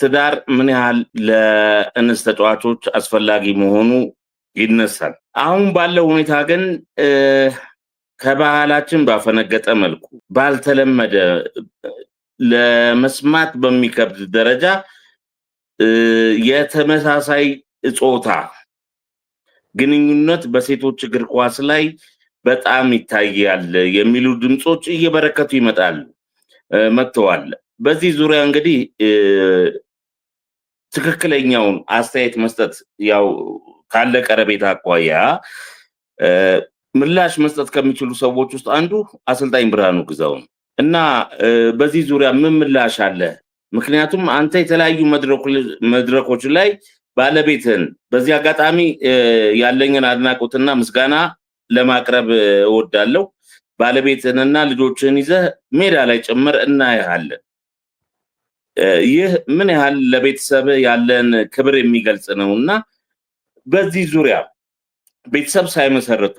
ትዳር ምን ያህል ለእንስ ተጫዋቾች አስፈላጊ መሆኑ ይነሳል። አሁን ባለው ሁኔታ ግን ከባህላችን ባፈነገጠ መልኩ ባልተለመደ ለመስማት በሚከብድ ደረጃ የተመሳሳይ ጾታ ግንኙነት በሴቶች እግር ኳስ ላይ በጣም ይታያል የሚሉ ድምፆች እየበረከቱ ይመጣሉ መጥተዋል። በዚህ ዙሪያ እንግዲህ ትክክለኛውን አስተያየት መስጠት ያው ካለ ቀረቤታ አኳያ ምላሽ መስጠት ከሚችሉ ሰዎች ውስጥ አንዱ አሰልጣኝ ብርሃኑ ግዛው ነው እና በዚህ ዙሪያ ምን ምላሽ አለ? ምክንያቱም አንተ የተለያዩ መድረኮች ላይ ባለቤትን በዚህ አጋጣሚ ያለኝን አድናቆትና ምስጋና ለማቅረብ እወዳለሁ። ባለቤትንና ልጆችን ይዘህ ሜዳ ላይ ጭምር እናያለን። ይህ ምን ያህል ለቤተሰብ ያለን ክብር የሚገልጽ ነው እና በዚህ ዙሪያ ቤተሰብ ሳይመሰርቱ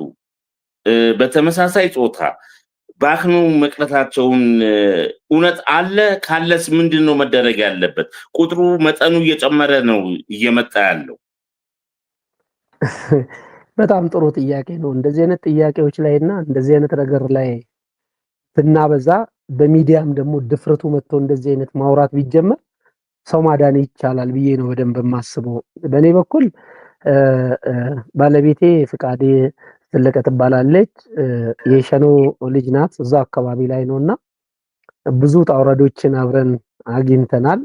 በተመሳሳይ ጾታ ባክኖ መቅረታቸውን እውነት አለ ካለስ ምንድን ነው መደረግ ያለበት? ቁጥሩ መጠኑ እየጨመረ ነው እየመጣ ያለው። በጣም ጥሩ ጥያቄ ነው። እንደዚህ አይነት ጥያቄዎች ላይ እና እንደዚህ አይነት ነገር ላይ ብናበዛ በሚዲያም ደግሞ ድፍረቱ መጥቶ እንደዚህ አይነት ማውራት ቢጀመር ሰው ማዳን ይቻላል ብዬ ነው በደንብ የማስበው። በእኔ በኩል ባለቤቴ ፍቃዴ ዘለቀ ትባላለች። የሸኖ ልጅ ናት። እዛ አካባቢ ላይ ነው እና ብዙ ጣውረዶችን አብረን አግኝተናል።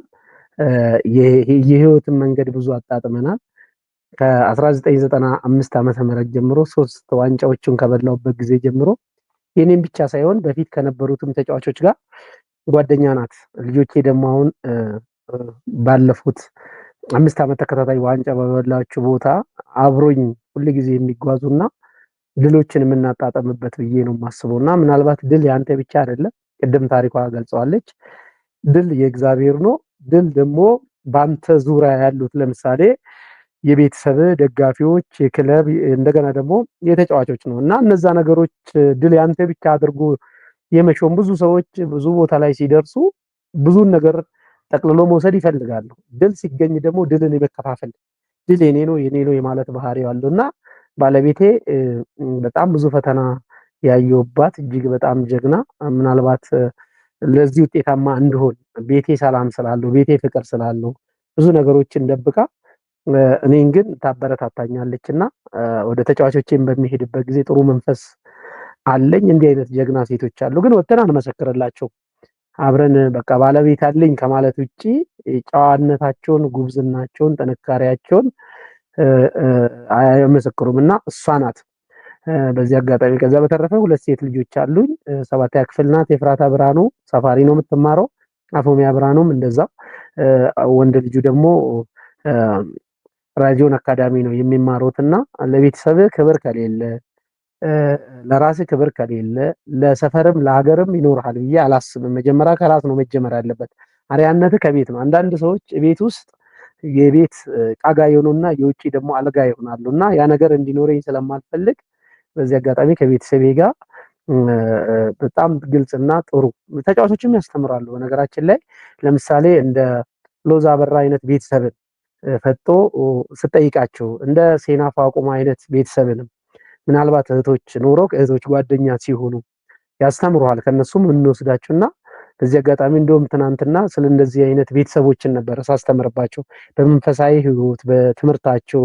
የህይወትን መንገድ ብዙ አጣጥመናል። ከ1995 ዓ ምህረት ጀምሮ ሶስት ዋንጫዎችን ከበላውበት ጊዜ ጀምሮ የኔም ብቻ ሳይሆን በፊት ከነበሩትም ተጫዋቾች ጋር ጓደኛ ናት። ልጆቼ ደግሞ አሁን ባለፉት አምስት ዓመት ተከታታይ ዋንጫ በበላችሁ ቦታ አብሮኝ ጊዜ የሚጓዙና ድሎችን የምናጣጠምበት ብዬ ነው የማስበው እና ምናልባት ድል የአንተ ብቻ አይደለም። ቅድም ታሪኳ ገልጸዋለች። ድል የእግዚአብሔር ነው። ድል ደግሞ በአንተ ዙሪያ ያሉት ለምሳሌ የቤተሰብ ደጋፊዎች፣ የክለብ እንደገና ደግሞ የተጫዋቾች ነው እና እነዛ ነገሮች ድል ያንተ ብቻ አድርጎ የመሾም ብዙ ሰዎች ብዙ ቦታ ላይ ሲደርሱ ብዙን ነገር ጠቅልሎ መውሰድ ይፈልጋሉ። ድል ሲገኝ ደግሞ ድልን የመከፋፈል ድል የኔ ነው የኔ ነው የማለት ባህሪ ያለው እና ባለቤቴ በጣም ብዙ ፈተና ያየውባት እጅግ በጣም ጀግና ምናልባት ለዚህ ውጤታማ እንድሆን ቤቴ ሰላም ስላለው ቤቴ ፍቅር ስላለው ብዙ ነገሮችን ደብቃ እኔን ግን ታበረታታኛለች እና ወደ ተጫዋቾቼም በሚሄድበት ጊዜ ጥሩ መንፈስ አለኝ። እንዲህ አይነት ጀግና ሴቶች አሉ፣ ግን ወጥተን አንመሰክርላቸው። አብረን በቃ ባለቤት አለኝ ከማለት ውጭ ጨዋነታቸውን፣ ጉብዝናቸውን፣ ጥንካሬያቸውን አይመሰክሩም እና እሷ ናት በዚህ አጋጣሚ። ከዛ በተረፈ ሁለት ሴት ልጆች አሉኝ። ሰባተኛ ክፍል ናት። የፍራታ ብርሃኑ ሰፋሪ ነው የምትማረው። አፎሚያ ብርሃኑም እንደዛ። ወንድ ልጁ ደግሞ ራጂዮን አካዳሚ ነው የሚማሩት እና ክብር ከሌለ ለራሴ ክብር ከሌለ ለሰፈርም ለሀገርም ይኖርሃል ብዬ አላስብም። መጀመሪያ ከራስ ነው መጀመር ያለበት። አሪያነት ከቤት ነው። አንዳንድ ሰዎች ቤት ውስጥ የቤት ቃጋ የሆኑና የውጭ ደግሞ አልጋ ይሆናሉ እና ያ ነገር እንዲኖረኝ ስለማልፈልግ በዚህ አጋጣሚ ከቤተሰቤ ጋር በጣም ግልጽና ጥሩ ተጫዋቾችም ያስተምራሉ። በነገራችን ላይ ለምሳሌ እንደ ሎዛ በራ አይነት ቤተሰብን ፈጦ ስጠይቃቸው እንደ ሴና ፋቁም አይነት ቤተሰብንም ምናልባት እህቶች ኖሮ ከእህቶች ጓደኛ ሲሆኑ ያስተምሩሃል። ከነሱም እንወስዳቸው እና በዚህ አጋጣሚ እንዲሁም ትናንትና ስለ እንደዚህ አይነት ቤተሰቦችን ነበረ ሳስተምርባቸው በመንፈሳዊ ህይወት በትምህርታቸው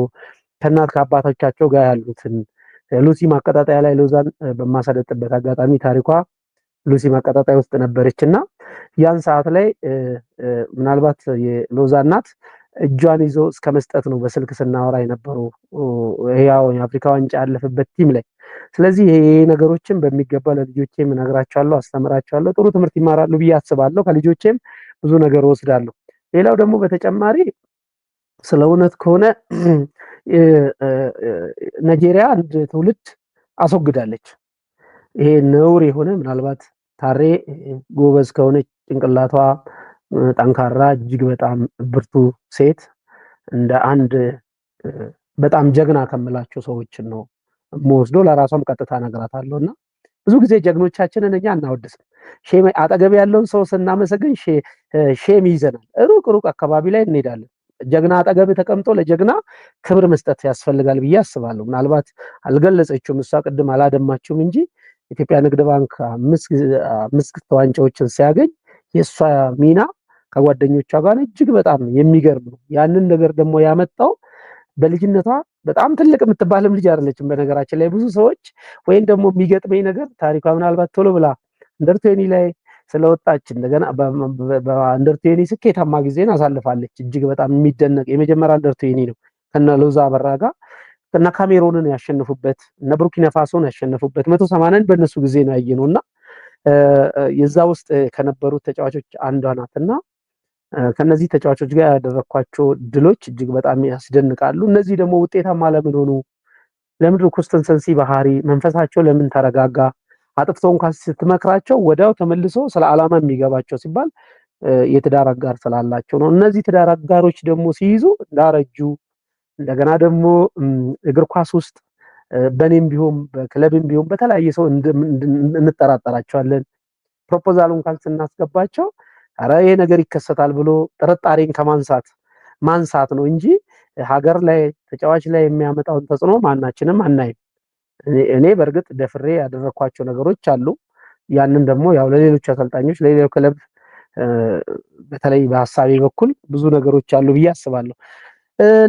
ከእናት ከአባቶቻቸው ጋር ያሉትን ሉሲ ማቀጣጠያ ላይ ሎዛን በማሳለጥበት አጋጣሚ ታሪኳ ሉሲ ማቀጣጠያ ውስጥ ነበረች እና ያን ሰዓት ላይ ምናልባት የሎዛ እናት እጇን ይዞ እስከ መስጠት ነው በስልክ ስናወራ የነበሩ ያው የአፍሪካ ዋንጫ ያለፈበት ቲም ላይ። ስለዚህ ይሄ ነገሮችን በሚገባ ለልጆቼም እነግራቸዋለሁ፣ አስተምራቸዋለሁ። ጥሩ ትምህርት ይማራሉ ብዬ አስባለሁ። ከልጆቼም ብዙ ነገር እወስዳለሁ። ሌላው ደግሞ በተጨማሪ ስለ እውነት ከሆነ ናይጄሪያ አንድ ትውልድ አስወግዳለች። ይሄ ነውር የሆነ ምናልባት ታሬ ጎበዝ ከሆነች ጭንቅላቷ ጠንካራ እጅግ በጣም ብርቱ ሴት እንደ አንድ በጣም ጀግና ከምላቸው ሰዎችን ነው የምወስዶ። ለራሷም ቀጥታ አለው እና ብዙ ጊዜ ጀግኖቻችንን እኛ እናወድስም። አጠገብ ያለውን ሰው ስናመሰግን ሼም ይዘናል። ሩቅ ሩቅ አካባቢ ላይ እንሄዳለን። ጀግና አጠገብ ተቀምጦ ለጀግና ክብር መስጠት ያስፈልጋል ብዬ አስባለሁ። ምናልባት አልገለጸችውም እሷ ቅድም አላደማችሁም እንጂ ኢትዮጵያ ንግድ ባንክ አምስት ዋንጫዎችን ሲያገኝ የእሷ ሚና ከጓደኞቿ ጋር እጅግ በጣም የሚገርም ነው። ያንን ነገር ደግሞ ያመጣው በልጅነቷ በጣም ትልቅ የምትባልም ልጅ አይደለችም። በነገራችን ላይ ብዙ ሰዎች ወይም ደግሞ የሚገጥመኝ ነገር ታሪኳ ምናልባት ቶሎ ብላ እንደርቴኒ ላይ ስለወጣች እንደገና በአንደርቴኒ ስኬታማ ጊዜን አሳልፋለች። እጅግ በጣም የሚደነቅ የመጀመሪያ አንደርቴኒ ነው ከነ ሎዛ አበራ ጋር እና ካሜሮንን ያሸነፉበት እና ቡርኪና ፋሶን ያሸነፉበት መቶ ሰማንያን በእነሱ ጊዜ ነው ያየ ነው እና የዛ ውስጥ ከነበሩት ተጫዋቾች አንዷ ናት እና ከነዚህ ተጫዋቾች ጋር ያደረኳቸው ድሎች እጅግ በጣም ያስደንቃሉ። እነዚህ ደግሞ ውጤታማ ለምን ሆኑ? ለምድር ኮንስተንሰንሲ ባህሪ መንፈሳቸው ለምን ተረጋጋ? አጥፍቶ እንኳን ስትመክራቸው ወዲያው ተመልሶ ስለ ዓላማ የሚገባቸው ሲባል የትዳር አጋር ስላላቸው ነው። እነዚህ ትዳር አጋሮች ደግሞ ሲይዙ እንዳረጁ እንደገና ደግሞ እግር ኳስ ውስጥ በእኔም ቢሆን በክለብም ቢሆን በተለያየ ሰው እንጠራጠራቸዋለን። ፕሮፖዛሉን ካል ስናስገባቸው ኧረ ይሄ ነገር ይከሰታል ብሎ ጥርጣሬን ከማንሳት ማንሳት ነው እንጂ ሀገር ላይ ተጫዋች ላይ የሚያመጣውን ተጽዕኖ ማናችንም አናይም። እኔ በእርግጥ ደፍሬ ያደረግኳቸው ነገሮች አሉ። ያንን ደግሞ ያው ለሌሎች አሰልጣኞች ለሌላው ክለብ በተለይ በሀሳቤ በኩል ብዙ ነገሮች አሉ ብዬ አስባለሁ።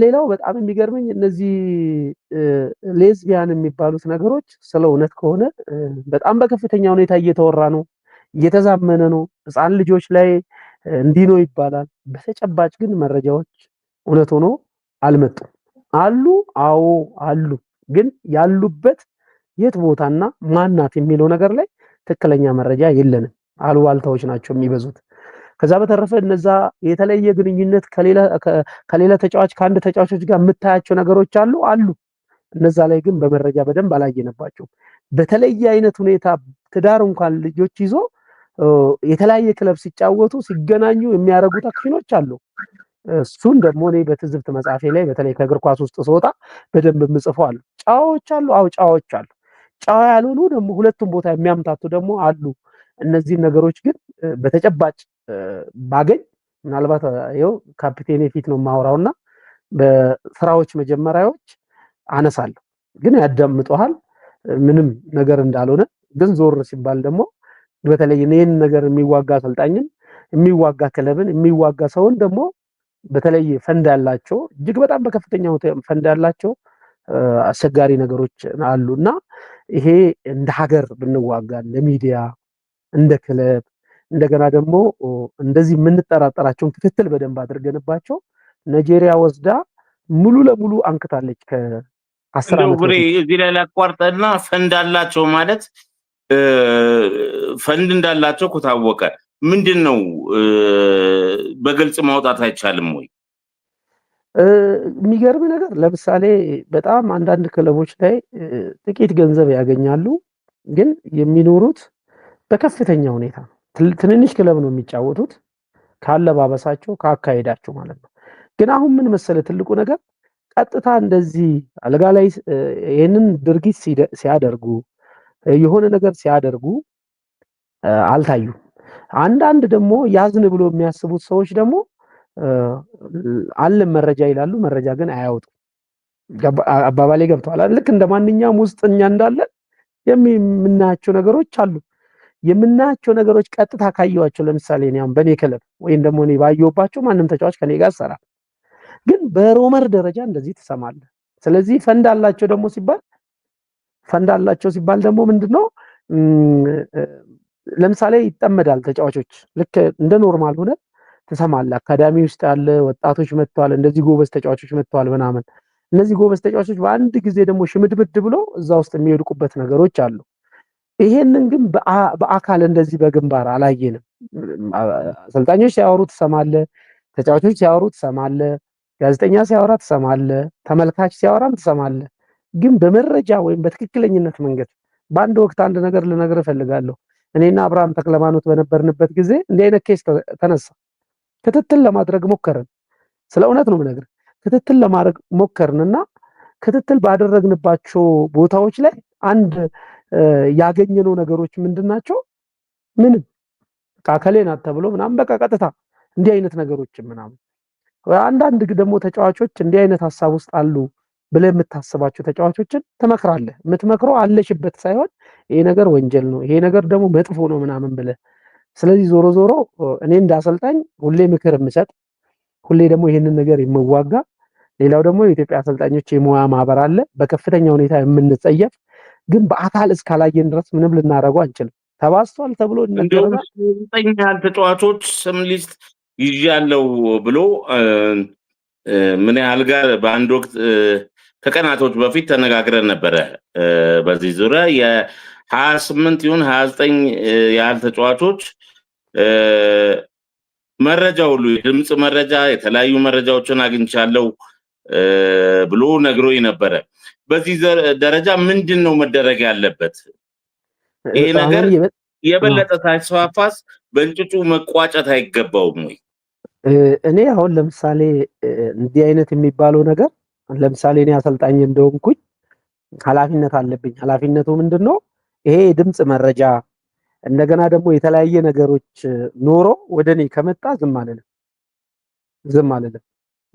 ሌላው በጣም የሚገርመኝ እነዚህ ሌዝቢያን የሚባሉት ነገሮች ስለ እውነት ከሆነ በጣም በከፍተኛ ሁኔታ እየተወራ ነው፣ እየተዛመነ ነው። ህፃን ልጆች ላይ እንዲህ ነው ይባላል። በተጨባጭ ግን መረጃዎች እውነት ሆኖ አልመጡም። አሉ፣ አዎ አሉ። ግን ያሉበት የት ቦታና ማናት የሚለው ነገር ላይ ትክክለኛ መረጃ የለንም። አሉባልታዎች ናቸው የሚበዙት። ከዛ በተረፈ እነዛ የተለየ ግንኙነት ከሌላ ተጫዋች ከአንድ ተጫዋቾች ጋር የምታያቸው ነገሮች አሉ አሉ። እነዛ ላይ ግን በመረጃ በደንብ አላየነባቸውም። በተለየ አይነት ሁኔታ ትዳር እንኳን ልጆች ይዞ የተለያየ ክለብ ሲጫወቱ ሲገናኙ የሚያደርጉት አክሽኖች አሉ። እሱን ደግሞ እኔ በትዝብት መጽሐፌ ላይ በተለይ ከእግር ኳስ ውስጥ ስወጣ በደንብ የምጽፈው አሉ። ጫዋዎች አሉ። አዎ ጫዋዎች አሉ። ጫዋ ያልሆኑ ደግሞ ሁለቱም ቦታ የሚያምታቱ ደግሞ አሉ። እነዚህን ነገሮች ግን በተጨባጭ ባገኝ ምናልባት ይኸው ካፒቴን ፊት ነው እና በስራዎች መጀመሪያዎች አነሳለሁ። ግን ያዳምጠሃል ምንም ነገር እንዳልሆነ ግን ዞር ሲባል ደግሞ በተለይ ይህን ነገር የሚዋጋ አሰልጣኝን የሚዋጋ ክለብን የሚዋጋ ሰውን ደግሞ በተለይ ፈንድ ያላቸው እጅግ በጣም በከፍተኛ ፈንድ ያላቸው አስቸጋሪ ነገሮች አሉ እና ይሄ እንደ ሀገር ብንዋጋ እንደ ሚዲያ እንደ ክለብ እንደገና ደግሞ እንደዚህ የምንጠራጠራቸውን ክትትል በደንብ አድርገንባቸው ናይጄሪያ ወስዳ ሙሉ ለሙሉ አንክታለች። ከአስር ዓመት እዚህ ላይ ላቋርጠና ፈንድ አላቸው ማለት ፈንድ እንዳላቸው ከታወቀ ምንድን ነው በግልጽ ማውጣት አይቻልም ወይ? የሚገርም ነገር ለምሳሌ በጣም አንዳንድ ክለቦች ላይ ጥቂት ገንዘብ ያገኛሉ፣ ግን የሚኖሩት በከፍተኛ ሁኔታ ነው። ትንንሽ ክለብ ነው የሚጫወቱት ካለባበሳቸው ካካሄዳቸው ማለት ነው። ግን አሁን ምን መሰለ ትልቁ ነገር ቀጥታ እንደዚህ አልጋ ላይ ይህንን ድርጊት ሲያደርጉ የሆነ ነገር ሲያደርጉ አልታዩም። አንዳንድ ደግሞ ያዝን ብሎ የሚያስቡት ሰዎች ደግሞ አለን መረጃ ይላሉ፣ መረጃ ግን አያወጡም። አባባሌ ገብተዋል። ልክ እንደ ማንኛውም ውስጥ እኛ እንዳለን የምናያቸው ነገሮች አሉ። የምናያቸው ነገሮች ቀጥታ ካየዋቸው፣ ለምሳሌ እኔ አሁን በእኔ ክለብ ወይም ደግሞ እኔ ባየሁባቸው ማንም ተጫዋች ከኔ ጋር ሰራ፣ ግን በሮመር ደረጃ እንደዚህ ትሰማለህ። ስለዚህ ፈንድ አላቸው ደግሞ ሲባል ፈንድ አላቸው ሲባል ደግሞ ምንድን ነው ለምሳሌ ይጠመዳል ተጫዋቾች ልክ እንደ ኖርማል ሆነ ትሰማለህ። አካዳሚ ውስጥ ያለ ወጣቶች መጥተዋል፣ እንደዚህ ጎበዝ ተጫዋቾች መጥተዋል ምናምን። እነዚህ ጎበዝ ተጫዋቾች በአንድ ጊዜ ደግሞ ሽምድምድ ብሎ እዛ ውስጥ የሚወድቁበት ነገሮች አሉ። ይሄንን ግን በአካል እንደዚህ በግንባር አላየንም። አሰልጣኞች ሲያወሩ ትሰማለ ተጫዋቾች ሲያወሩ ትሰማለ ጋዜጠኛ ሲያወራ ትሰማለ ተመልካች ሲያወራም ትሰማለህ። ግን በመረጃ ወይም በትክክለኝነት መንገድ በአንድ ወቅት አንድ ነገር ልነግርህ እፈልጋለሁ። እኔና አብርሃም ተክለማኖት በነበርንበት ጊዜ እንዲህ አይነት ኬስ ተነሳ። ክትትል ለማድረግ ሞከርን። ስለ እውነት ነው ምነግር፣ ክትትል ለማድረግ ሞከርንና ክትትል ባደረግንባቸው ቦታዎች ላይ አንድ ያገኘነው ነገሮች ምንድን ናቸው? ምንም ካከሌናት ተብሎ ምናምን በቃ ቀጥታ እንዲህ አይነት ነገሮች ምናምን። አንዳንድ ደግሞ ተጫዋቾች እንዲህ አይነት ሀሳብ ውስጥ አሉ ብለህ የምታስባቸው ተጫዋቾችን ትመክራለህ። የምትመክረው አለሽበት ሳይሆን ይሄ ነገር ወንጀል ነው፣ ይሄ ነገር ደግሞ መጥፎ ነው ምናምን ብለህ ስለዚህ ዞሮ ዞሮ እኔ እንደ አሰልጣኝ ሁሌ ምክር የምሰጥ ሁሌ ደግሞ ይሄንን ነገር የምዋጋ ሌላው ደግሞ የኢትዮጵያ አሰልጣኞች የሙያ ማህበር አለ። በከፍተኛ ሁኔታ የምንጸየፍ ግን በአካል እስካላየን ድረስ ምንም ልናደረጉ አንችልም። ተባስቷል ተብሎ ዘጠኝ ተጫዋቾች ስም ሊስት ያለው ብሎ ምን ያህል ጋር በአንድ ወቅት ከቀናቶች በፊት ተነጋግረን ነበረ። በዚህ ዙሪያ የሀያ ስምንት ይሁን ሀያ ዘጠኝ ያህል ተጫዋቾች መረጃ ሁሉ የድምፅ መረጃ የተለያዩ መረጃዎችን አግኝቻለው ብሎ ነግሮኝ ነበረ። በዚህ ደረጃ ምንድን ነው መደረግ ያለበት? ይሄ ነገር የበለጠ ሳይስፋፋስ በእንጭጩ መቋጨት አይገባውም ወይ? እኔ አሁን ለምሳሌ እንዲህ አይነት የሚባለው ነገር ለምሳሌ እኔ አሰልጣኝ እንደሆንኩኝ ኃላፊነት አለብኝ። ኃላፊነቱ ምንድን ነው? ይሄ የድምፅ መረጃ እንደገና ደግሞ የተለያየ ነገሮች ኖሮ ወደ እኔ ከመጣ ዝም አልልም፣ ዝም አልልም።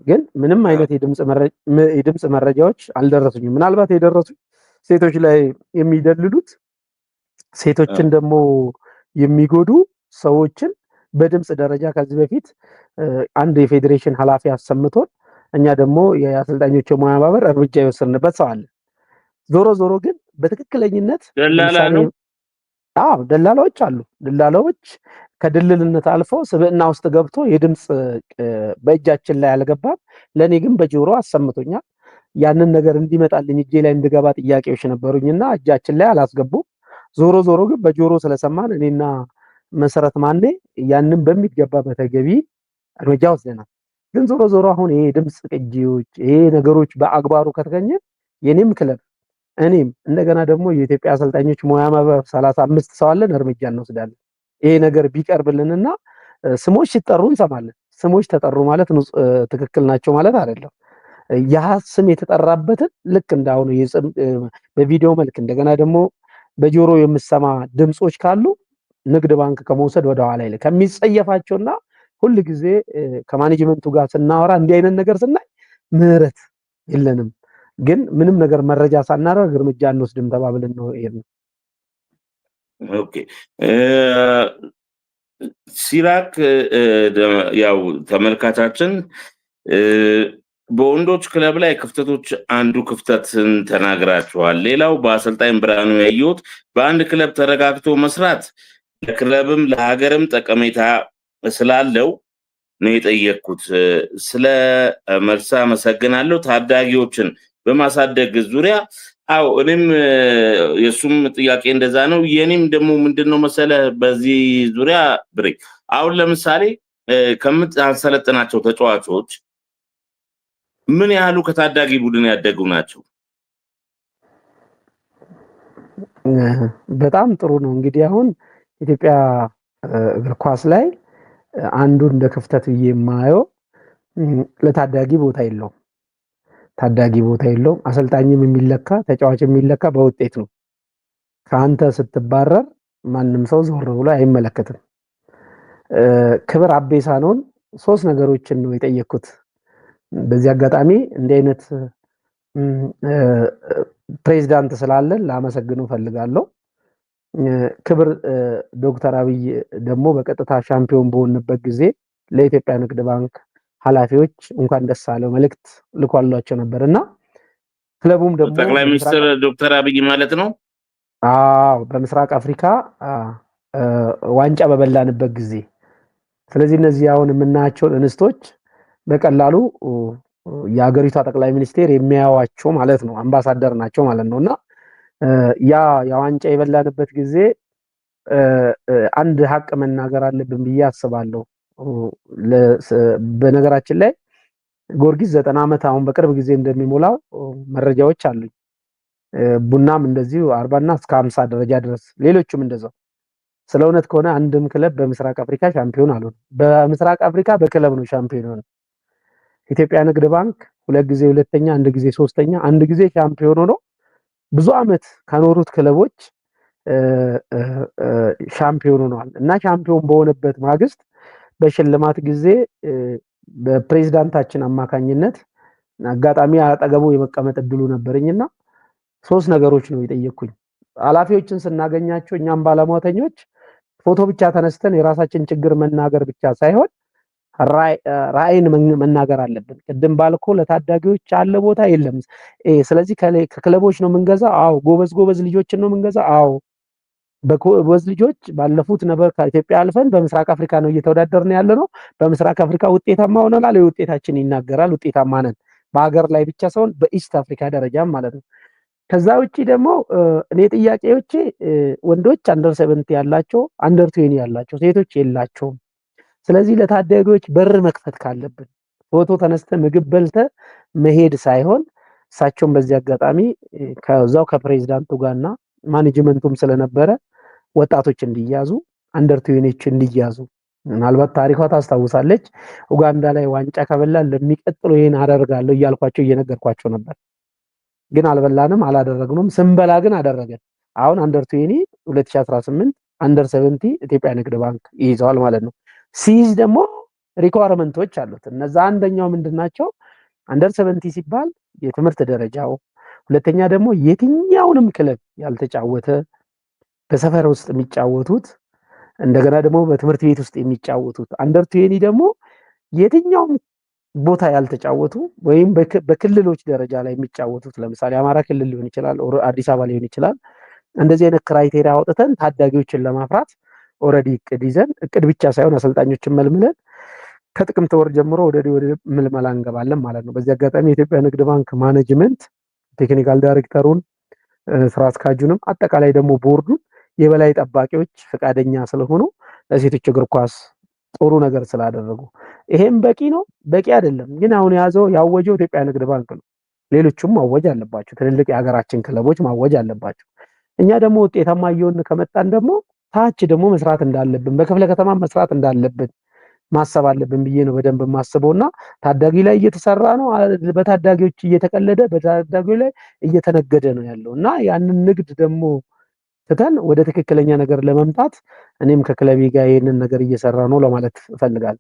ግን ምንም አይነት የድምፅ መረጃዎች አልደረሱኝም። ምናልባት የደረሱ ሴቶች ላይ የሚደልሉት ሴቶችን ደግሞ የሚጎዱ ሰዎችን በድምፅ ደረጃ ከዚህ በፊት አንድ የፌዴሬሽን ኃላፊ አሰምቶን እኛ ደግሞ የአሰልጣኞች የሙያ ማህበር እርምጃ የወሰንበት ሰው አለ። ዞሮ ዞሮ ግን በትክክለኝነት ደላላ ነው አዎ ደላላዎች አሉ። ደላላዎች ከድልልነት አልፈው ስብዕና ውስጥ ገብቶ የድምፅ በእጃችን ላይ አልገባም፣ ለእኔ ግን በጆሮ አሰምቶኛል። ያንን ነገር እንዲመጣልኝ እጄ ላይ እንድገባ ጥያቄዎች ነበሩኝና እጃችን ላይ አላስገቡም። ዞሮ ዞሮ ግን በጆሮ ስለሰማን እኔና መሰረት ማኔ ያንን በሚገባ በተገቢ እርምጃ ወስደናል። ግን ዞሮ ዞሮ አሁን ይሄ ድምፅ ቅጂዎች ይሄ ነገሮች በአግባሩ ከተገኘ የኔም ክለብ እኔም እንደገና ደግሞ የኢትዮጵያ አሰልጣኞች ሙያ ማህበር ሰላሳ አምስት ሰው አለን፣ እርምጃ እንወስዳለን። ይሄ ነገር ቢቀርብልንና ስሞች ሲጠሩ እንሰማለን። ስሞች ተጠሩ ማለት ትክክል ናቸው ማለት አይደለም። ያ ስም የተጠራበትን ልክ እንዳሁኑ በቪዲዮ መልክ እንደገና ደግሞ በጆሮ የምሰማ ድምፆች ካሉ ንግድ ባንክ ከመውሰድ ወደ ኋላ ከሚጸየፋቸውና ሁል ጊዜ ከማኔጅመንቱ ጋር ስናወራ እንዲህ አይነት ነገር ስናይ ምህረት የለንም ግን ምንም ነገር መረጃ ሳናደርግ እርምጃ እንወስድም ተባብለን ነው ይሄ ነው። ኦኬ ሲራክ ያው ተመልካቻችን በወንዶች ክለብ ላይ ክፍተቶች አንዱ ክፍተትን ተናግራችኋል። ሌላው በአሰልጣኝ ብርሃኑ ያየሁት በአንድ ክለብ ተረጋግቶ መስራት ለክለብም ለሀገርም ጠቀሜታ ስላለው ነው የጠየቅኩት። ስለ መልስ አመሰግናለሁ። ታዳጊዎችን በማሳደግ ዙሪያ አው እኔም የእሱም ጥያቄ እንደዛ ነው። የኔም ደግሞ ምንድን ነው መሰለ በዚህ ዙሪያ ብሬ አሁን ለምሳሌ ከምታሰለጥናቸው ተጫዋቾች ምን ያህሉ ከታዳጊ ቡድን ያደጉ ናቸው? በጣም ጥሩ ነው። እንግዲህ አሁን ኢትዮጵያ እግር ኳስ ላይ አንዱ እንደ ክፍተት ብዬ የማየው ለታዳጊ ቦታ የለውም። ታዳጊ ቦታ የለውም። አሰልጣኝም የሚለካ ተጫዋች የሚለካ በውጤት ነው። ከአንተ ስትባረር ማንም ሰው ዞር ብሎ አይመለከትም። ክብር አቤሳ ነውን ሶስት ነገሮችን ነው የጠየቅኩት። በዚህ አጋጣሚ እንዲህ አይነት ፕሬዚዳንት ስላለን ላመሰግነው ፈልጋለሁ። ክብር ዶክተር አብይ ደግሞ በቀጥታ ሻምፒዮን በሆንበት ጊዜ ለኢትዮጵያ ንግድ ባንክ ኃላፊዎች እንኳን ደስ አለው መልእክት ልኳሏቸው ነበር እና ክለቡም ደግሞ ጠቅላይ ሚኒስትር ዶክተር አብይ ማለት ነው። አዎ በምስራቅ አፍሪካ ዋንጫ በበላንበት ጊዜ። ስለዚህ እነዚህ አሁን የምናያቸውን እንስቶች በቀላሉ የሀገሪቷ ጠቅላይ ሚኒስቴር የሚያዩዋቸው ማለት ነው፣ አምባሳደር ናቸው ማለት ነው እና ያ የዋንጫ የበላንበት ጊዜ አንድ ሀቅ መናገር አለብን ብዬ አስባለሁ። በነገራችን ላይ ጊዮርጊስ ዘጠና ዓመት አሁን በቅርብ ጊዜ እንደሚሞላው መረጃዎች አሉኝ። ቡናም እንደዚሁ አርባና እስከ ሀምሳ ደረጃ ድረስ ሌሎቹም እንደዛው። ስለ እውነት ከሆነ አንድም ክለብ በምስራቅ አፍሪካ ሻምፒዮን አሉ በምስራቅ አፍሪካ በክለብ ነው ሻምፒዮን ሆነ ኢትዮጵያ ንግድ ባንክ ሁለት ጊዜ ሁለተኛ፣ አንድ ጊዜ ሶስተኛ፣ አንድ ጊዜ ሻምፒዮን ሆኖ ብዙ ዓመት ከኖሩት ክለቦች ሻምፒዮን ሆነዋል እና ሻምፒዮን በሆነበት ማግስት በሽልማት ጊዜ በፕሬዝዳንታችን አማካኝነት አጋጣሚ አጠገቡ የመቀመጥ እድሉ ነበረኝና ሶስት ነገሮች ነው የጠየቅኩኝ። ኃላፊዎችን ስናገኛቸው እኛም ባለሟተኞች ፎቶ ብቻ ተነስተን የራሳችን ችግር መናገር ብቻ ሳይሆን ራዕይን መናገር አለብን። ቅድም ባልኮ ለታዳጊዎች አለ ቦታ የለም። ስለዚህ ከክለቦች ነው የምንገዛ? አዎ። ጎበዝ ጎበዝ ልጆችን ነው የምንገዛ? አዎ። በወዝ ልጆች ባለፉት ነበር ከኢትዮጵያ አልፈን በምስራቅ አፍሪካ ነው እየተወዳደርን ያለ ነው። በምስራቅ አፍሪካ ውጤታማ ሆነናል። ውጤታችን ይናገራል። ውጤታማ ነን። በሀገር ላይ ብቻ ሳይሆን በኢስት አፍሪካ ደረጃም ማለት ነው። ከዛ ውጭ ደግሞ እኔ ጥያቄዎቼ ወንዶች አንደር ሰቨንቲ ያላቸው አንደር ትዌኒ ያላቸው ሴቶች የላቸውም። ስለዚህ ለታዳጊዎች በር መክፈት ካለብን ፎቶ ተነስተ ምግብ በልተ መሄድ ሳይሆን እሳቸውም በዚህ አጋጣሚ ከዛው ከፕሬዚዳንቱ ጋርና ማኔጅመንቱም ስለነበረ ወጣቶች እንዲያዙ አንደር ትዌኒዎች እንዲያዙ ምናልባት ታሪኳ ታስታውሳለች። ኡጋንዳ ላይ ዋንጫ ከበላ ለሚቀጥለው ይህን አደርጋለሁ እያልኳቸው እየነገርኳቸው ነበር። ግን አልበላንም፣ አላደረግንም። ስንበላ ግን አደረገን። አሁን አንደር ትዌኒ 2018 አንደር ሰቨንቲ ኢትዮጵያ ንግድ ባንክ ይይዘዋል ማለት ነው። ሲይዝ ደግሞ ሪኳርመንቶች አሉት። እነዛ አንደኛው ምንድን ናቸው? አንደር ሰቨንቲ ሲባል የትምህርት ደረጃው፣ ሁለተኛ ደግሞ የትኛውንም ክለብ ያልተጫወተ በሰፈር ውስጥ የሚጫወቱት እንደገና ደግሞ በትምህርት ቤት ውስጥ የሚጫወቱት አንደር ቱዌኒ ደግሞ የትኛውም ቦታ ያልተጫወቱ ወይም በክልሎች ደረጃ ላይ የሚጫወቱት ለምሳሌ አማራ ክልል ሊሆን ይችላል፣ አዲስ አበባ ሊሆን ይችላል። እንደዚህ አይነት ክራይቴሪያ አውጥተን ታዳጊዎችን ለማፍራት ኦልሬዲ እቅድ ይዘን እቅድ ብቻ ሳይሆን አሰልጣኞችን መልምለን ከጥቅምት ወር ጀምሮ ወደ ወደ ምልመላ እንገባለን ማለት ነው። በዚህ አጋጣሚ የኢትዮጵያ ንግድ ባንክ ማኔጅመንት ቴክኒካል ዳይሬክተሩን ስራ አስካጁንም አጠቃላይ ደግሞ ቦርዱን የበላይ ጠባቂዎች ፈቃደኛ ስለሆኑ ለሴቶች እግር ኳስ ጥሩ ነገር ስላደረጉ ይሄም በቂ ነው? በቂ አይደለም። ግን አሁን የያዘው ያወጀው ኢትዮጵያ ንግድ ባንክ ነው። ሌሎቹም ማወጅ አለባቸው። ትልልቅ የሀገራችን ክለቦች ማወጅ አለባቸው። እኛ ደግሞ ውጤታማ እየሆን ከመጣን ደግሞ ታች ደግሞ መስራት እንዳለብን በክፍለ ከተማ መስራት እንዳለብን ማሰብ አለብን ብዬ ነው በደንብ የማስበው። እና ታዳጊ ላይ እየተሰራ ነው፣ በታዳጊዎች እየተቀለደ በታዳጊ ላይ እየተነገደ ነው ያለው እና ያንን ንግድ ደግሞ ትተን ወደ ትክክለኛ ነገር ለመምጣት እኔም ከክለቤ ጋር ይህንን ነገር እየሰራ ነው ለማለት እፈልጋለሁ።